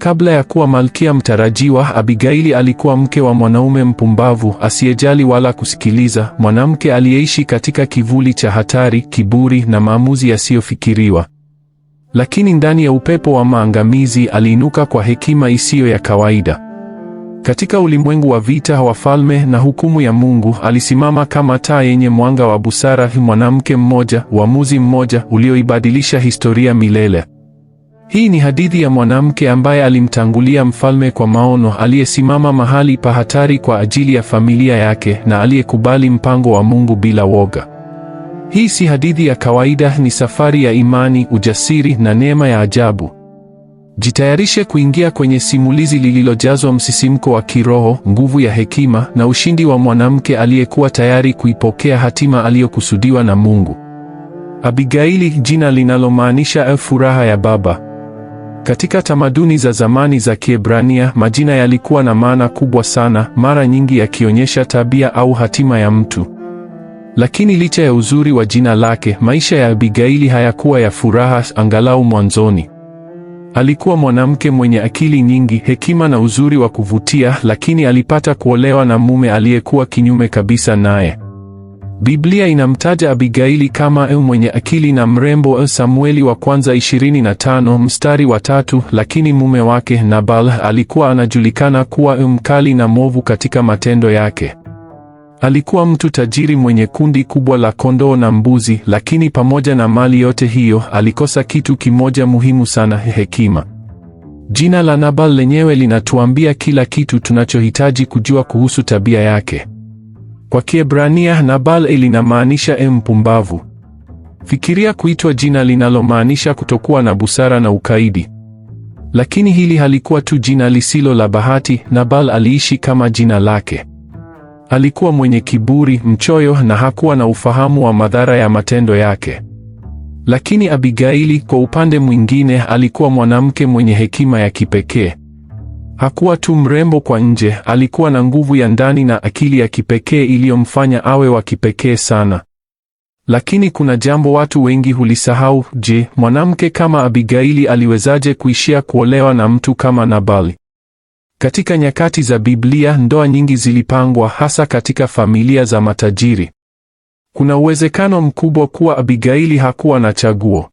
Kabla ya kuwa malkia mtarajiwa, Abigaili alikuwa mke wa mwanaume mpumbavu asiyejali wala kusikiliza, mwanamke aliyeishi katika kivuli cha hatari, kiburi na maamuzi yasiyofikiriwa. Lakini ndani ya upepo wa maangamizi aliinuka kwa hekima isiyo ya kawaida. Katika ulimwengu wa vita, wafalme na hukumu ya Mungu, alisimama kama taa yenye mwanga wa busara, mwanamke mmoja, uamuzi mmoja ulioibadilisha historia milele. Hii ni hadithi ya mwanamke ambaye alimtangulia mfalme kwa maono, aliyesimama mahali pa hatari kwa ajili ya familia yake na aliyekubali mpango wa Mungu bila woga. Hii si hadithi ya kawaida, ni safari ya imani, ujasiri na neema ya ajabu. Jitayarishe kuingia kwenye simulizi lililojazwa msisimko wa kiroho, nguvu ya hekima na ushindi wa mwanamke aliyekuwa tayari kuipokea hatima aliyokusudiwa na Mungu. Abigaili, jina linalomaanisha furaha ya baba. Katika tamaduni za zamani za Kiebrania, majina yalikuwa na maana kubwa sana, mara nyingi yakionyesha tabia au hatima ya mtu. Lakini licha ya uzuri wa jina lake, maisha ya Abigaili hayakuwa ya furaha, angalau mwanzoni. Alikuwa mwanamke mwenye akili nyingi, hekima na uzuri wa kuvutia, lakini alipata kuolewa na mume aliyekuwa kinyume kabisa naye. Biblia inamtaja Abigaili kama mwenye akili na mrembo, Samueli wa kwanza 25 mstari wa tatu, lakini mume wake Nabal alikuwa anajulikana kuwa mkali na mwovu katika matendo yake. Alikuwa mtu tajiri mwenye kundi kubwa la kondoo na mbuzi, lakini pamoja na mali yote hiyo alikosa kitu kimoja muhimu sana, hekima. Jina la Nabal lenyewe linatuambia kila kitu tunachohitaji kujua kuhusu tabia yake. Kwa Kiebrania Nabal linamaanisha e mpumbavu. Fikiria kuitwa jina linalomaanisha kutokuwa na busara na ukaidi. Lakini hili halikuwa tu jina lisilo la bahati. Nabal aliishi kama jina lake. Alikuwa mwenye kiburi, mchoyo na hakuwa na ufahamu wa madhara ya matendo yake. Lakini Abigaili, kwa upande mwingine, alikuwa mwanamke mwenye hekima ya kipekee. Hakuwa tu mrembo kwa nje, alikuwa na nguvu ya ndani na akili ya kipekee iliyomfanya awe wa kipekee sana. Lakini kuna jambo watu wengi hulisahau. Je, mwanamke kama Abigaili aliwezaje kuishia kuolewa na mtu kama Nabali? Katika nyakati za Biblia, ndoa nyingi zilipangwa hasa katika familia za matajiri. Kuna uwezekano mkubwa kuwa Abigaili hakuwa na chaguo.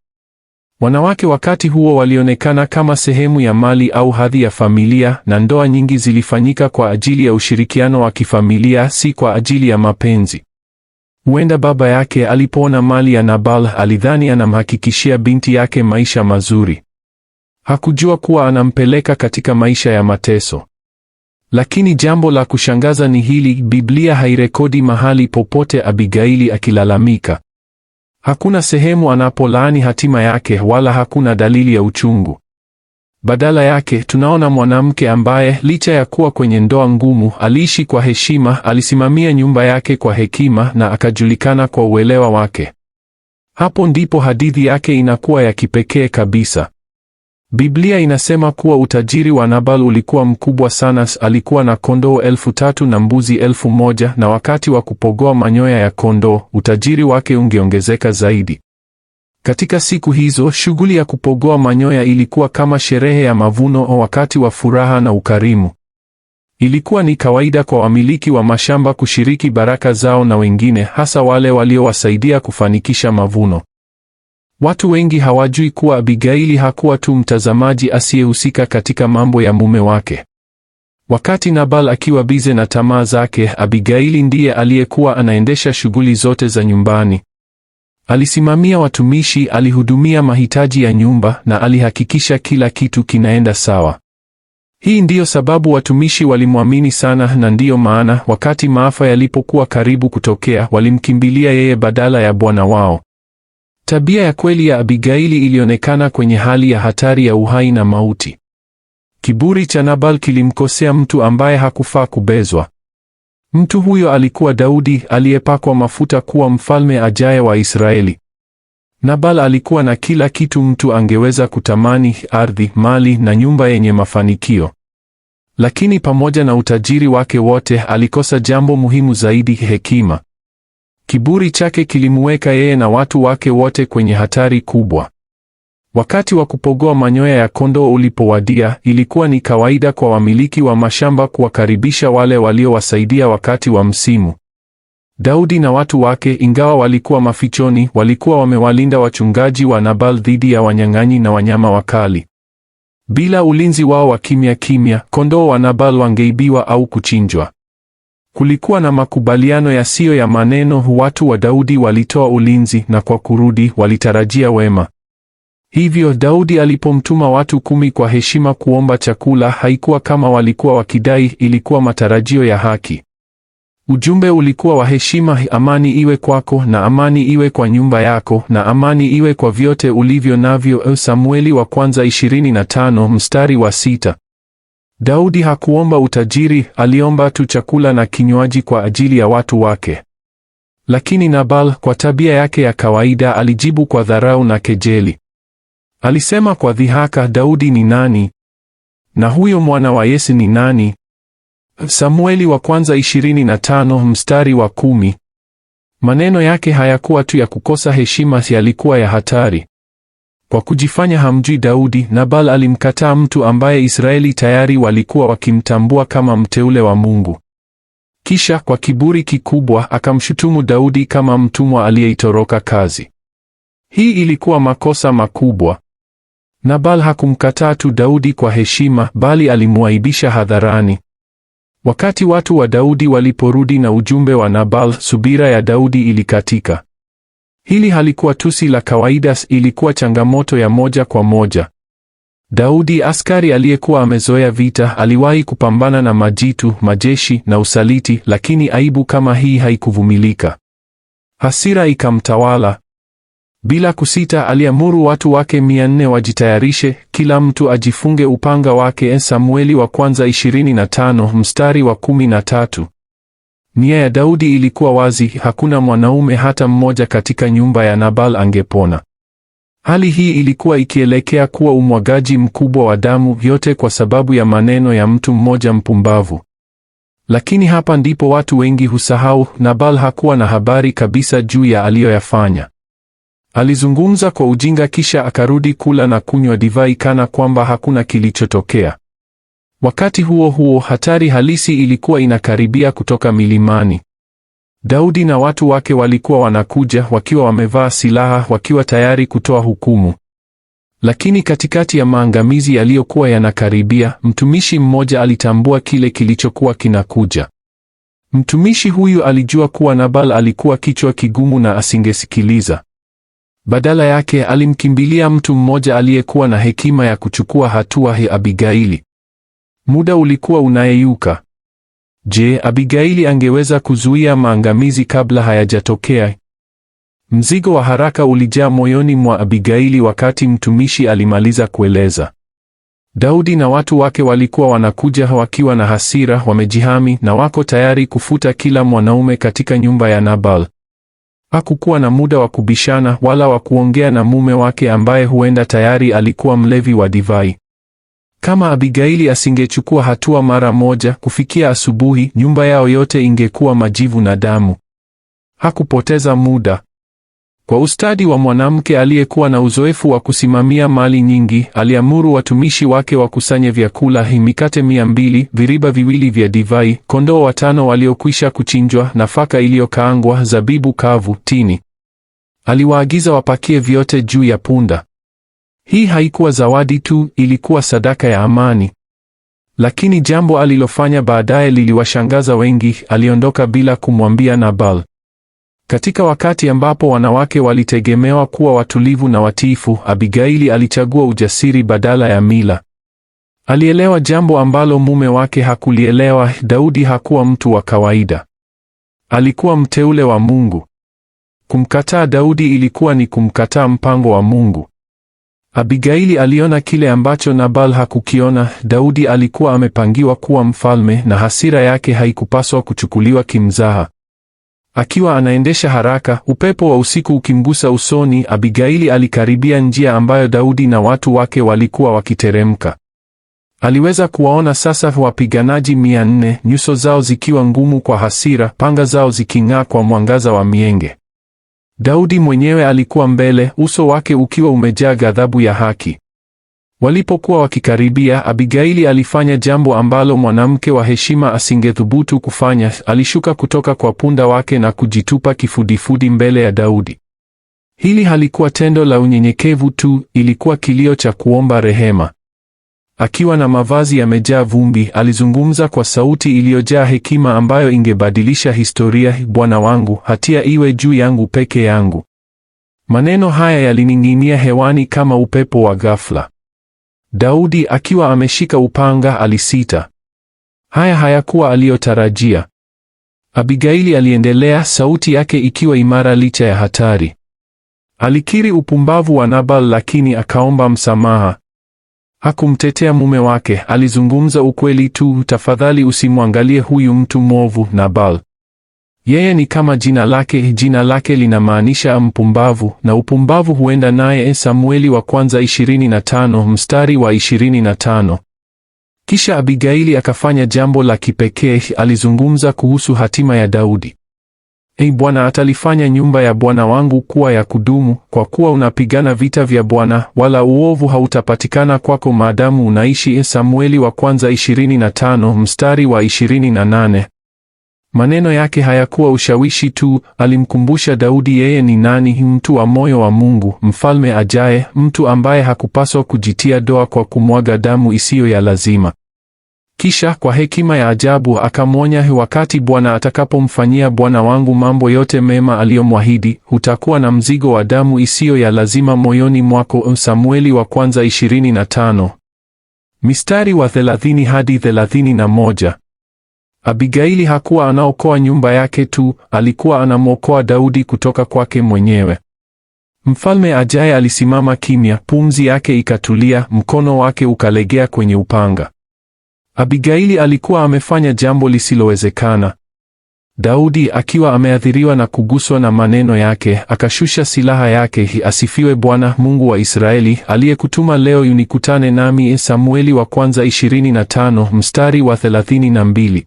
Wanawake wakati huo walionekana kama sehemu ya mali au hadhi ya familia, na ndoa nyingi zilifanyika kwa ajili ya ushirikiano wa kifamilia, si kwa ajili ya mapenzi. Huenda baba yake alipoona mali ya Nabal alidhani anamhakikishia binti yake maisha mazuri. Hakujua kuwa anampeleka katika maisha ya mateso. Lakini jambo la kushangaza ni hili, Biblia hairekodi mahali popote Abigaili akilalamika. Hakuna sehemu anapolaani hatima yake wala hakuna dalili ya uchungu. Badala yake tunaona mwanamke ambaye licha ya kuwa kwenye ndoa ngumu, aliishi kwa heshima, alisimamia nyumba yake kwa hekima na akajulikana kwa uelewa wake. Hapo ndipo hadithi yake inakuwa ya kipekee kabisa. Biblia inasema kuwa utajiri wa Nabal ulikuwa mkubwa sana. Alikuwa na kondoo elfu tatu na mbuzi elfu moja na wakati wa kupogoa manyoya ya kondoo utajiri wake ungeongezeka zaidi. Katika siku hizo, shughuli ya kupogoa manyoya ilikuwa kama sherehe ya mavuno, wakati wa furaha na ukarimu. Ilikuwa ni kawaida kwa wamiliki wa mashamba kushiriki baraka zao na wengine, hasa wale waliowasaidia kufanikisha mavuno. Watu wengi hawajui kuwa Abigaili hakuwa tu mtazamaji asiyehusika katika mambo ya mume wake. Wakati Nabal akiwa bize na tamaa zake, Abigaili ndiye aliyekuwa anaendesha shughuli zote za nyumbani. Alisimamia watumishi, alihudumia mahitaji ya nyumba na alihakikisha kila kitu kinaenda sawa. Hii ndiyo sababu watumishi walimwamini sana na ndiyo maana wakati maafa yalipokuwa karibu kutokea, walimkimbilia yeye badala ya bwana wao. Tabia ya kweli ya Abigaili ilionekana kwenye hali ya hatari ya uhai na mauti. Kiburi cha Nabal kilimkosea mtu ambaye hakufaa kubezwa. Mtu huyo alikuwa Daudi aliyepakwa mafuta kuwa mfalme ajaye wa Israeli. Nabal alikuwa na kila kitu mtu angeweza kutamani: ardhi, mali na nyumba yenye mafanikio. Lakini pamoja na utajiri wake wote, alikosa jambo muhimu zaidi: hekima. Kiburi chake kilimuweka yeye na watu wake wote kwenye hatari kubwa. Wakati wa kupogoa manyoya ya kondoo ulipowadia, ilikuwa ni kawaida kwa wamiliki wa mashamba kuwakaribisha wale waliowasaidia wakati wa msimu. Daudi na watu wake, ingawa walikuwa mafichoni, walikuwa wamewalinda wachungaji wa Nabal dhidi ya wanyang'anyi na wanyama wakali. Bila ulinzi wao wa kimya kimya, kondoo wa Nabal wangeibiwa au kuchinjwa. Kulikuwa na makubaliano yasiyo ya maneno. Watu wa Daudi walitoa ulinzi na kwa kurudi walitarajia wema. Hivyo Daudi alipomtuma watu kumi kwa heshima kuomba chakula, haikuwa kama walikuwa wakidai, ilikuwa matarajio ya haki. Ujumbe ulikuwa wa heshima: amani iwe kwako na amani iwe kwa nyumba yako na amani iwe kwa vyote ulivyo navyo. Samueli wa kwanza 25 mstari wa sita. Daudi hakuomba utajiri, aliomba tu chakula na kinywaji kwa ajili ya watu wake. Lakini Nabal kwa tabia yake ya kawaida alijibu kwa dharau na kejeli. Alisema kwa dhihaka, Daudi ni nani? Na huyo mwana wa Yese ni nani? Samueli wa kwanza 25 mstari wa kumi. Maneno yake hayakuwa tu ya kukosa heshima, yalikuwa ya hatari. Kwa kujifanya hamjui Daudi, Nabal alimkataa mtu ambaye Israeli tayari walikuwa wakimtambua kama mteule wa Mungu. Kisha kwa kiburi kikubwa akamshutumu Daudi kama mtumwa aliyeitoroka kazi. Hii ilikuwa makosa makubwa. Nabal hakumkataa tu Daudi kwa heshima, bali alimwaibisha hadharani. Wakati watu wa Daudi waliporudi na ujumbe wa Nabal, subira ya Daudi ilikatika. Hili halikuwa tusi la kawaida, ilikuwa changamoto ya moja kwa moja. Daudi, askari aliyekuwa amezoea vita, aliwahi kupambana na majitu, majeshi na usaliti, lakini aibu kama hii haikuvumilika. Hasira ikamtawala. Bila kusita, aliamuru watu wake mia nne wajitayarishe, kila mtu ajifunge upanga wake. Samueli wa kwanza 25 mstari wa 13. Nia ya Daudi ilikuwa wazi, hakuna mwanaume hata mmoja katika nyumba ya Nabal angepona. Hali hii ilikuwa ikielekea kuwa umwagaji mkubwa wa damu, yote kwa sababu ya maneno ya mtu mmoja mpumbavu. Lakini hapa ndipo watu wengi husahau, Nabal hakuwa na habari kabisa juu ya aliyoyafanya. Alizungumza kwa ujinga, kisha akarudi kula na kunywa divai kana kwamba hakuna kilichotokea. Wakati huo huo, hatari halisi ilikuwa inakaribia kutoka milimani. Daudi na watu wake walikuwa wanakuja wakiwa wamevaa silaha, wakiwa tayari kutoa hukumu. Lakini katikati ya maangamizi yaliyokuwa yanakaribia, mtumishi mmoja alitambua kile kilichokuwa kinakuja. Mtumishi huyu alijua kuwa Nabal alikuwa kichwa kigumu na asingesikiliza. Badala yake alimkimbilia mtu mmoja aliyekuwa na hekima ya kuchukua hatua, Abigaili. Muda ulikuwa unayeyuka. Je, Abigaili angeweza kuzuia maangamizi kabla hayajatokea? Mzigo wa haraka ulijaa moyoni mwa Abigaili wakati mtumishi alimaliza kueleza. Daudi na watu wake walikuwa wanakuja wakiwa na hasira, wamejihami na wako tayari kufuta kila mwanaume katika nyumba ya Nabal. Hakukuwa na muda wa kubishana wala wa kuongea na mume wake ambaye huenda tayari alikuwa mlevi wa divai. Kama Abigaili asingechukua hatua mara moja, kufikia asubuhi nyumba yao yote ingekuwa majivu na damu. Hakupoteza muda. Kwa ustadi wa mwanamke aliyekuwa na uzoefu wa kusimamia mali nyingi, aliamuru watumishi wake wakusanye vyakula, mikate mia mbili, viriba viwili vya divai, kondoo watano waliokwisha kuchinjwa, nafaka iliyokaangwa, zabibu kavu, tini. Aliwaagiza wapakie vyote juu ya punda. Hii haikuwa zawadi tu, ilikuwa sadaka ya amani. Lakini jambo alilofanya baadaye liliwashangaza wengi. Aliondoka bila kumwambia Nabal. Katika wakati ambapo wanawake walitegemewa kuwa watulivu na watiifu, Abigaili alichagua ujasiri badala ya mila. Alielewa jambo ambalo mume wake hakulielewa. Daudi hakuwa mtu wa kawaida, alikuwa mteule wa Mungu. Kumkataa Daudi ilikuwa ni kumkataa mpango wa Mungu. Abigaili aliona kile ambacho Nabal hakukiona. Daudi alikuwa amepangiwa kuwa mfalme na hasira yake haikupaswa kuchukuliwa kimzaha. Akiwa anaendesha haraka, upepo wa usiku ukimgusa usoni, Abigaili alikaribia njia ambayo Daudi na watu wake walikuwa wakiteremka. Aliweza kuwaona sasa wapiganaji mia nne, nyuso zao zikiwa ngumu kwa hasira, panga zao ziking'aa kwa mwangaza wa mienge. Daudi mwenyewe alikuwa mbele, uso wake ukiwa umejaa ghadhabu ya haki. Walipokuwa wakikaribia, Abigaili alifanya jambo ambalo mwanamke wa heshima asingethubutu kufanya. Alishuka kutoka kwa punda wake na kujitupa kifudifudi mbele ya Daudi. Hili halikuwa tendo la unyenyekevu tu, ilikuwa kilio cha kuomba rehema akiwa na mavazi yamejaa vumbi, alizungumza kwa sauti iliyojaa hekima ambayo ingebadilisha historia. Bwana wangu, hatia iwe juu yangu peke yangu. Maneno haya yalining'inia hewani kama upepo wa ghafla. Daudi akiwa ameshika upanga alisita. Haya hayakuwa aliyotarajia. Abigaili aliendelea, sauti yake ikiwa imara licha ya hatari. Alikiri upumbavu wa Nabal, lakini akaomba msamaha. Hakumtetea mume wake, alizungumza ukweli tu. Tafadhali usimwangalie huyu mtu mwovu Nabal. Yeye ni kama jina lake, jina lake linamaanisha mpumbavu, na upumbavu huenda naye. Samueli wa kwanza 25 mstari wa 25. Kisha Abigaili akafanya jambo la kipekee, alizungumza kuhusu hatima ya Daudi ei Bwana, atalifanya nyumba ya Bwana wangu kuwa ya kudumu, kwa kuwa unapigana vita vya Bwana, wala uovu hautapatikana kwako maadamu unaishi. Samueli wa kwanza 25 mstari wa 28. Maneno yake hayakuwa ushawishi tu, alimkumbusha Daudi yeye ni nani, mtu wa moyo wa Mungu, mfalme ajaye, mtu ambaye hakupaswa kujitia doa kwa kumwaga damu isiyo ya lazima. Kisha kwa hekima ya ajabu akamwonya, wakati Bwana atakapomfanyia bwana wangu mambo yote mema aliyomwahidi, hutakuwa na mzigo wa damu isiyo ya lazima moyoni mwako. Samueli wa kwanza 25 mistari wa 30 hadi 31. Abigaili hakuwa anaokoa nyumba yake tu, alikuwa anamwokoa Daudi kutoka kwake mwenyewe. Mfalme ajaye alisimama kimya, pumzi yake ikatulia, mkono wake ukalegea kwenye upanga. Abigaili alikuwa amefanya jambo lisilowezekana. Daudi akiwa ameathiriwa na kuguswa na maneno yake, akashusha silaha yake. Asifiwe Bwana Mungu wa Israeli, aliyekutuma leo unikutane nami. E Samueli wa kwanza 25 mstari wa 32.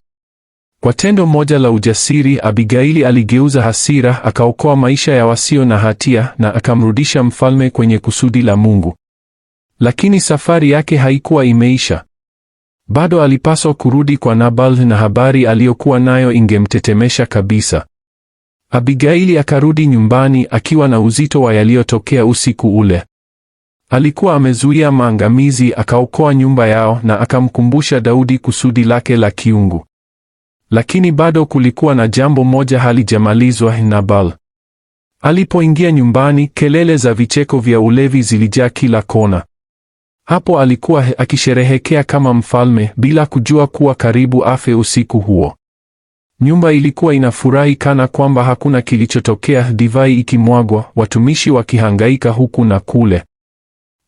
Kwa tendo moja la ujasiri, Abigaili aligeuza hasira, akaokoa maisha ya wasio na hatia na akamrudisha mfalme kwenye kusudi la Mungu. Lakini safari yake haikuwa imeisha. Bado alipaswa kurudi kwa Nabal na habari aliyokuwa nayo ingemtetemesha kabisa. Abigaili akarudi nyumbani akiwa na uzito wa yaliyotokea usiku ule. Alikuwa amezuia maangamizi, akaokoa nyumba yao na akamkumbusha Daudi kusudi lake la kiungu. Lakini bado kulikuwa na jambo moja halijamalizwa. Nabal alipoingia nyumbani, kelele za vicheko vya ulevi zilijaa kila kona. Hapo alikuwa akisherehekea kama mfalme bila kujua kuwa karibu afe usiku huo. Nyumba ilikuwa inafurahi kana kwamba hakuna kilichotokea, divai ikimwagwa, watumishi wakihangaika huku na kule.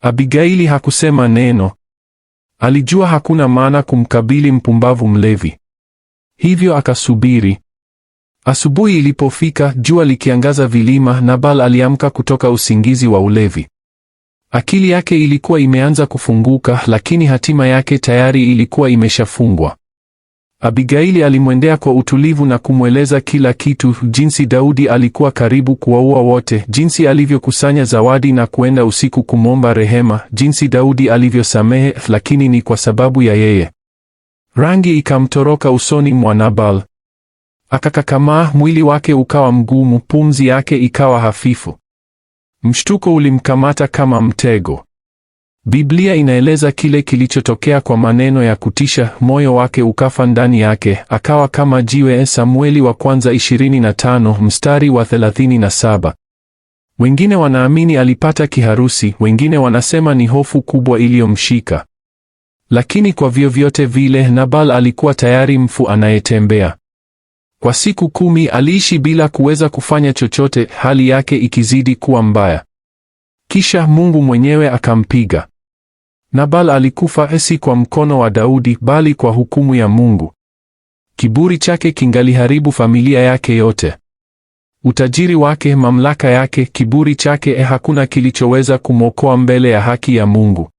Abigaili hakusema neno. Alijua hakuna maana kumkabili mpumbavu mlevi, hivyo akasubiri. Asubuhi ilipofika, jua likiangaza vilima, Nabal aliamka kutoka usingizi wa ulevi. Akili yake ilikuwa imeanza kufunguka, lakini hatima yake tayari ilikuwa imeshafungwa. Abigaili alimwendea kwa utulivu na kumweleza kila kitu, jinsi Daudi alikuwa karibu kuwaua wote, jinsi alivyokusanya zawadi na kuenda usiku kumwomba rehema, jinsi Daudi alivyosamehe, lakini ni kwa sababu ya yeye. Rangi ikamtoroka usoni mwa Nabal, akakakamaa, mwili wake ukawa mgumu, pumzi yake ikawa hafifu. Mshtuko ulimkamata kama mtego. Biblia inaeleza kile kilichotokea kwa maneno ya kutisha, moyo wake ukafa ndani yake, akawa kama jiwe. Samueli wa kwanza 25 mstari wa 37. Wengine wanaamini alipata kiharusi, wengine wanasema ni hofu kubwa iliyomshika. Lakini kwa vyovyote vile, Nabal alikuwa tayari mfu anayetembea. Kwa siku kumi aliishi bila kuweza kufanya chochote, hali yake ikizidi kuwa mbaya. Kisha Mungu mwenyewe akampiga. Nabal alikufa si kwa mkono wa Daudi, bali kwa hukumu ya Mungu. Kiburi chake kingaliharibu familia yake yote, utajiri wake, mamlaka yake, kiburi chake, eh, hakuna kilichoweza kumwokoa mbele ya haki ya Mungu.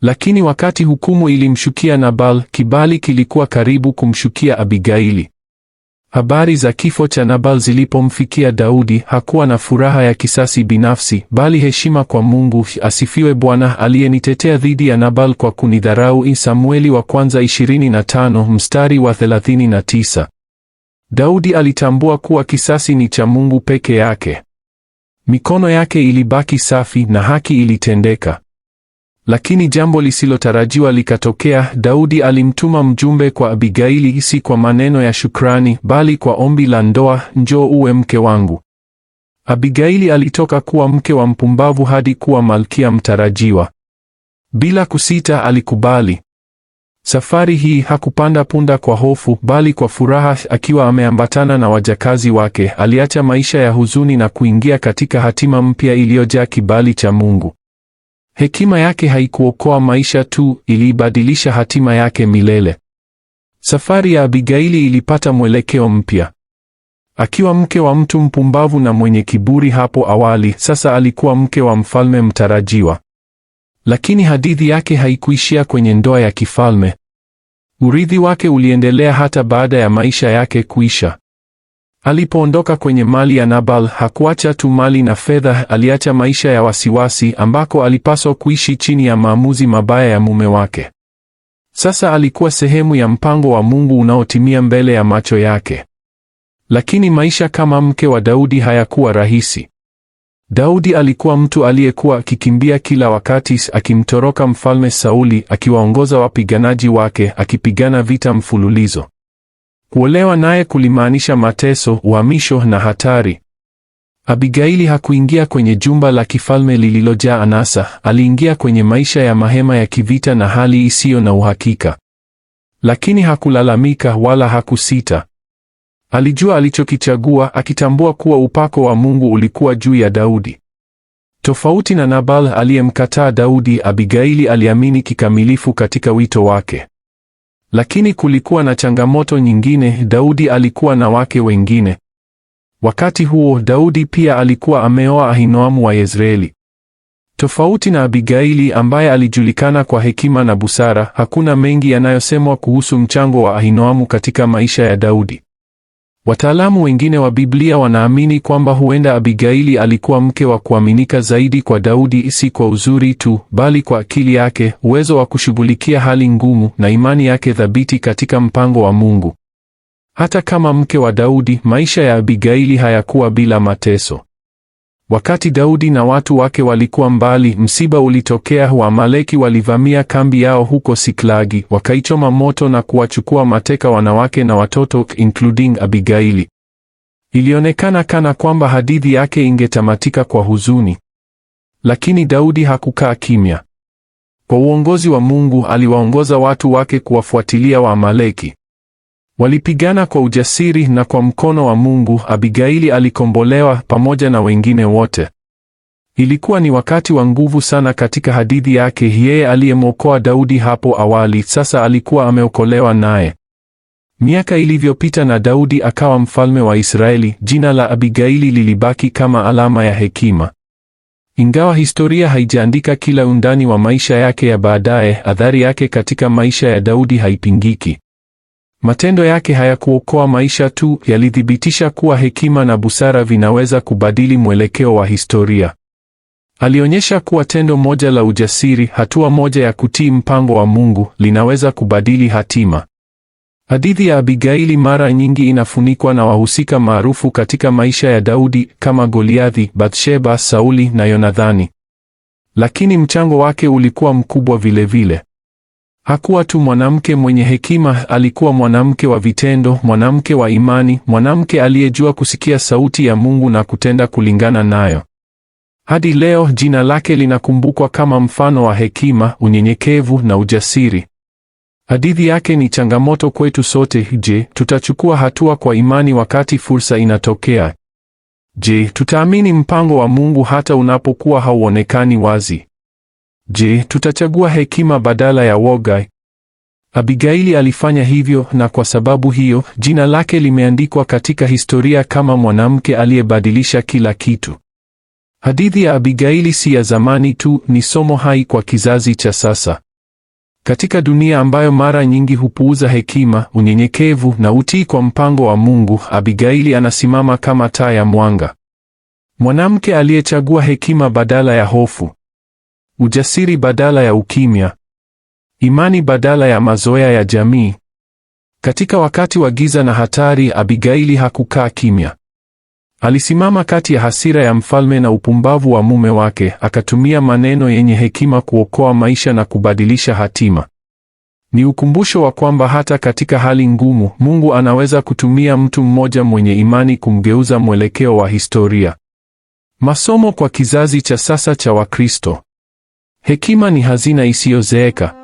Lakini wakati hukumu ilimshukia Nabal, kibali kilikuwa karibu kumshukia Abigaili. Habari za kifo cha Nabal zilipomfikia Daudi, hakuwa na furaha ya kisasi binafsi, bali heshima kwa Mungu. Asifiwe Bwana aliyenitetea dhidi ya Nabal kwa kunidharau. Samueli wa kwanza 25 mstari wa 39. Daudi alitambua kuwa kisasi ni cha Mungu peke yake. Mikono yake ilibaki safi na haki ilitendeka. Lakini jambo lisilotarajiwa likatokea. Daudi alimtuma mjumbe kwa Abigaili, si kwa maneno ya shukrani, bali kwa ombi la ndoa, njoo uwe mke wangu. Abigaili alitoka kuwa mke wa mpumbavu hadi kuwa malkia mtarajiwa. Bila kusita alikubali. Safari hii hakupanda punda kwa hofu, bali kwa furaha, akiwa ameambatana na wajakazi wake. Aliacha maisha ya huzuni na kuingia katika hatima mpya iliyojaa kibali cha Mungu. Hekima yake haikuokoa maisha tu, iliibadilisha hatima yake milele. Safari ya Abigaili ilipata mwelekeo mpya. Akiwa mke wa mtu mpumbavu na mwenye kiburi hapo awali, sasa alikuwa mke wa mfalme mtarajiwa. Lakini hadithi yake haikuishia kwenye ndoa ya kifalme. Urithi wake uliendelea hata baada ya maisha yake kuisha. Alipoondoka kwenye mali ya Nabal, hakuacha tu mali na fedha, aliacha maisha ya wasiwasi ambako alipaswa kuishi chini ya maamuzi mabaya ya mume wake. Sasa alikuwa sehemu ya mpango wa Mungu unaotimia mbele ya macho yake. Lakini maisha kama mke wa Daudi hayakuwa rahisi. Daudi alikuwa mtu aliyekuwa akikimbia kila wakati, akimtoroka mfalme Sauli, akiwaongoza wapiganaji wake, akipigana vita mfululizo. Kuolewa naye kulimaanisha mateso, uhamisho na hatari. Abigaili hakuingia kwenye jumba la kifalme lililojaa anasa, aliingia kwenye maisha ya mahema ya kivita na hali isiyo na uhakika. Lakini hakulalamika wala hakusita. Alijua alichokichagua, akitambua kuwa upako wa Mungu ulikuwa juu ya Daudi. Tofauti na Nabal aliyemkataa Daudi, Abigaili aliamini kikamilifu katika wito wake. Lakini kulikuwa na changamoto nyingine. Daudi alikuwa na wake wengine. Wakati huo Daudi pia alikuwa ameoa Ahinoamu wa Yezreeli. Tofauti na Abigaili ambaye alijulikana kwa hekima na busara, hakuna mengi yanayosemwa kuhusu mchango wa Ahinoamu katika maisha ya Daudi. Wataalamu wengine wa Biblia wanaamini kwamba huenda Abigaili alikuwa mke wa kuaminika zaidi kwa Daudi, si kwa uzuri tu, bali kwa akili yake, uwezo wa kushughulikia hali ngumu na imani yake thabiti katika mpango wa Mungu. Hata kama mke wa Daudi, maisha ya Abigaili hayakuwa bila mateso. Wakati Daudi na watu wake walikuwa mbali, msiba ulitokea. Waamaleki walivamia kambi yao huko Siklagi, wakaichoma moto na kuwachukua mateka wanawake na watoto including Abigaili. Ilionekana kana kwamba hadithi yake ingetamatika kwa huzuni. Lakini Daudi hakukaa kimya. Kwa uongozi wa Mungu, aliwaongoza watu wake kuwafuatilia Waamaleki. Walipigana kwa ujasiri na kwa mkono wa Mungu Abigaili alikombolewa pamoja na wengine wote. Ilikuwa ni wakati wa nguvu sana katika hadithi yake. Yeye aliyemwokoa Daudi hapo awali sasa alikuwa ameokolewa naye. Miaka ilivyopita na Daudi akawa mfalme wa Israeli, jina la Abigaili lilibaki kama alama ya hekima. Ingawa historia haijaandika kila undani wa maisha yake ya baadaye, athari yake katika maisha ya Daudi haipingiki. Matendo yake hayakuokoa maisha tu, yalithibitisha kuwa hekima na busara vinaweza kubadili mwelekeo wa historia. Alionyesha kuwa tendo moja la ujasiri, hatua moja ya kutii mpango wa Mungu, linaweza kubadili hatima. Hadithi ya Abigaili mara nyingi inafunikwa na wahusika maarufu katika maisha ya Daudi kama Goliathi, Bathsheba, Sauli na Yonathani. Lakini mchango wake ulikuwa mkubwa vilevile. Hakuwa tu mwanamke mwenye hekima, alikuwa mwanamke wa vitendo, mwanamke wa imani, mwanamke aliyejua kusikia sauti ya Mungu na kutenda kulingana nayo. Hadi leo jina lake linakumbukwa kama mfano wa hekima, unyenyekevu na ujasiri. Hadithi yake ni changamoto kwetu sote. Je, tutachukua hatua kwa imani wakati fursa inatokea? Je, tutaamini mpango wa Mungu hata unapokuwa hauonekani wazi? Je, tutachagua hekima badala ya woga? Abigaili alifanya hivyo, na kwa sababu hiyo jina lake limeandikwa katika historia kama mwanamke aliyebadilisha kila kitu. Hadithi ya Abigaili si ya zamani tu, ni somo hai kwa kizazi cha sasa. Katika dunia ambayo mara nyingi hupuuza hekima, unyenyekevu na utii kwa mpango wa Mungu, Abigaili anasimama kama taa ya mwanga, mwanamke aliyechagua hekima badala ya hofu. Ujasiri badala ya ukimya. Imani badala ya mazoea ya jamii. Katika wakati wa giza na hatari, Abigaili hakukaa kimya. Alisimama kati ya hasira ya mfalme na upumbavu wa mume wake, akatumia maneno yenye hekima kuokoa maisha na kubadilisha hatima. Ni ukumbusho wa kwamba hata katika hali ngumu, Mungu anaweza kutumia mtu mmoja mwenye imani kumgeuza mwelekeo wa historia. Masomo kwa kizazi cha sasa cha Wakristo. Hekima ni hazina isiyozeeka.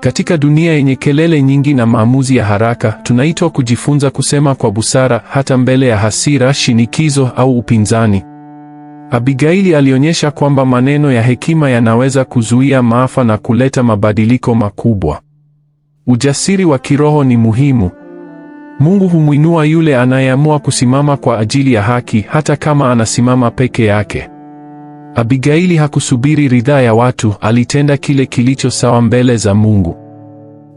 Katika dunia yenye kelele nyingi na maamuzi ya haraka, tunaitwa kujifunza kusema kwa busara hata mbele ya hasira, shinikizo au upinzani. Abigaili alionyesha kwamba maneno ya hekima yanaweza kuzuia maafa na kuleta mabadiliko makubwa. Ujasiri wa kiroho ni muhimu. Mungu humwinua yule anayeamua kusimama kwa ajili ya haki hata kama anasimama peke yake. Abigaili hakusubiri ridhaa ya watu, alitenda kile kilicho sawa mbele za Mungu.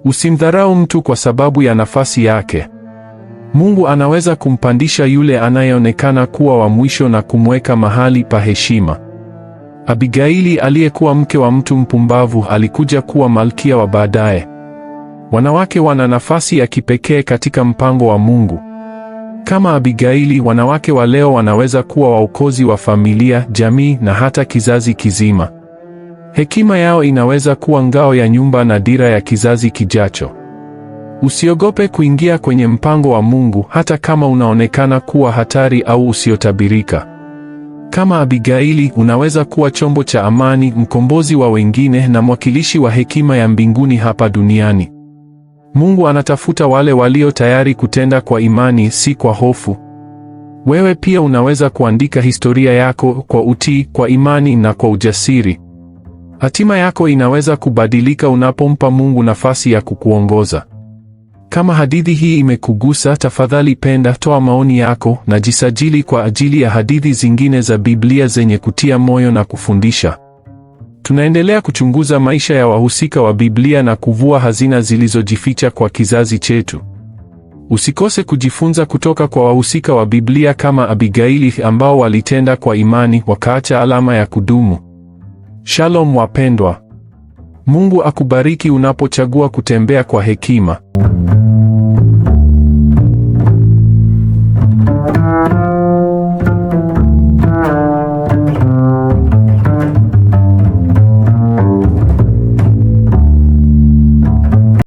Usimdharau mtu kwa sababu ya nafasi yake. Mungu anaweza kumpandisha yule anayeonekana kuwa wa mwisho na kumweka mahali pa heshima. Abigaili aliyekuwa mke wa mtu mpumbavu alikuja kuwa malkia wa baadaye. Wanawake wana nafasi ya kipekee katika mpango wa Mungu. Kama Abigaili, wanawake wa leo wanaweza kuwa waokozi wa familia, jamii na hata kizazi kizima. Hekima yao inaweza kuwa ngao ya nyumba na dira ya kizazi kijacho. Usiogope kuingia kwenye mpango wa Mungu hata kama unaonekana kuwa hatari au usiotabirika. Kama Abigaili, unaweza kuwa chombo cha amani, mkombozi wa wengine na mwakilishi wa hekima ya mbinguni hapa duniani. Mungu anatafuta wale walio tayari kutenda kwa imani, si kwa hofu. Wewe pia unaweza kuandika historia yako kwa utii, kwa imani na kwa ujasiri. Hatima yako inaweza kubadilika unapompa Mungu nafasi ya kukuongoza. Kama hadithi hii imekugusa, tafadhali penda, toa maoni yako na jisajili kwa ajili ya hadithi zingine za Biblia zenye kutia moyo na kufundisha. Tunaendelea kuchunguza maisha ya wahusika wa Biblia na kuvua hazina zilizojificha kwa kizazi chetu. Usikose kujifunza kutoka kwa wahusika wa Biblia kama Abigaili ambao walitenda kwa imani wakaacha alama ya kudumu. Shalom wapendwa. Mungu akubariki unapochagua kutembea kwa hekima.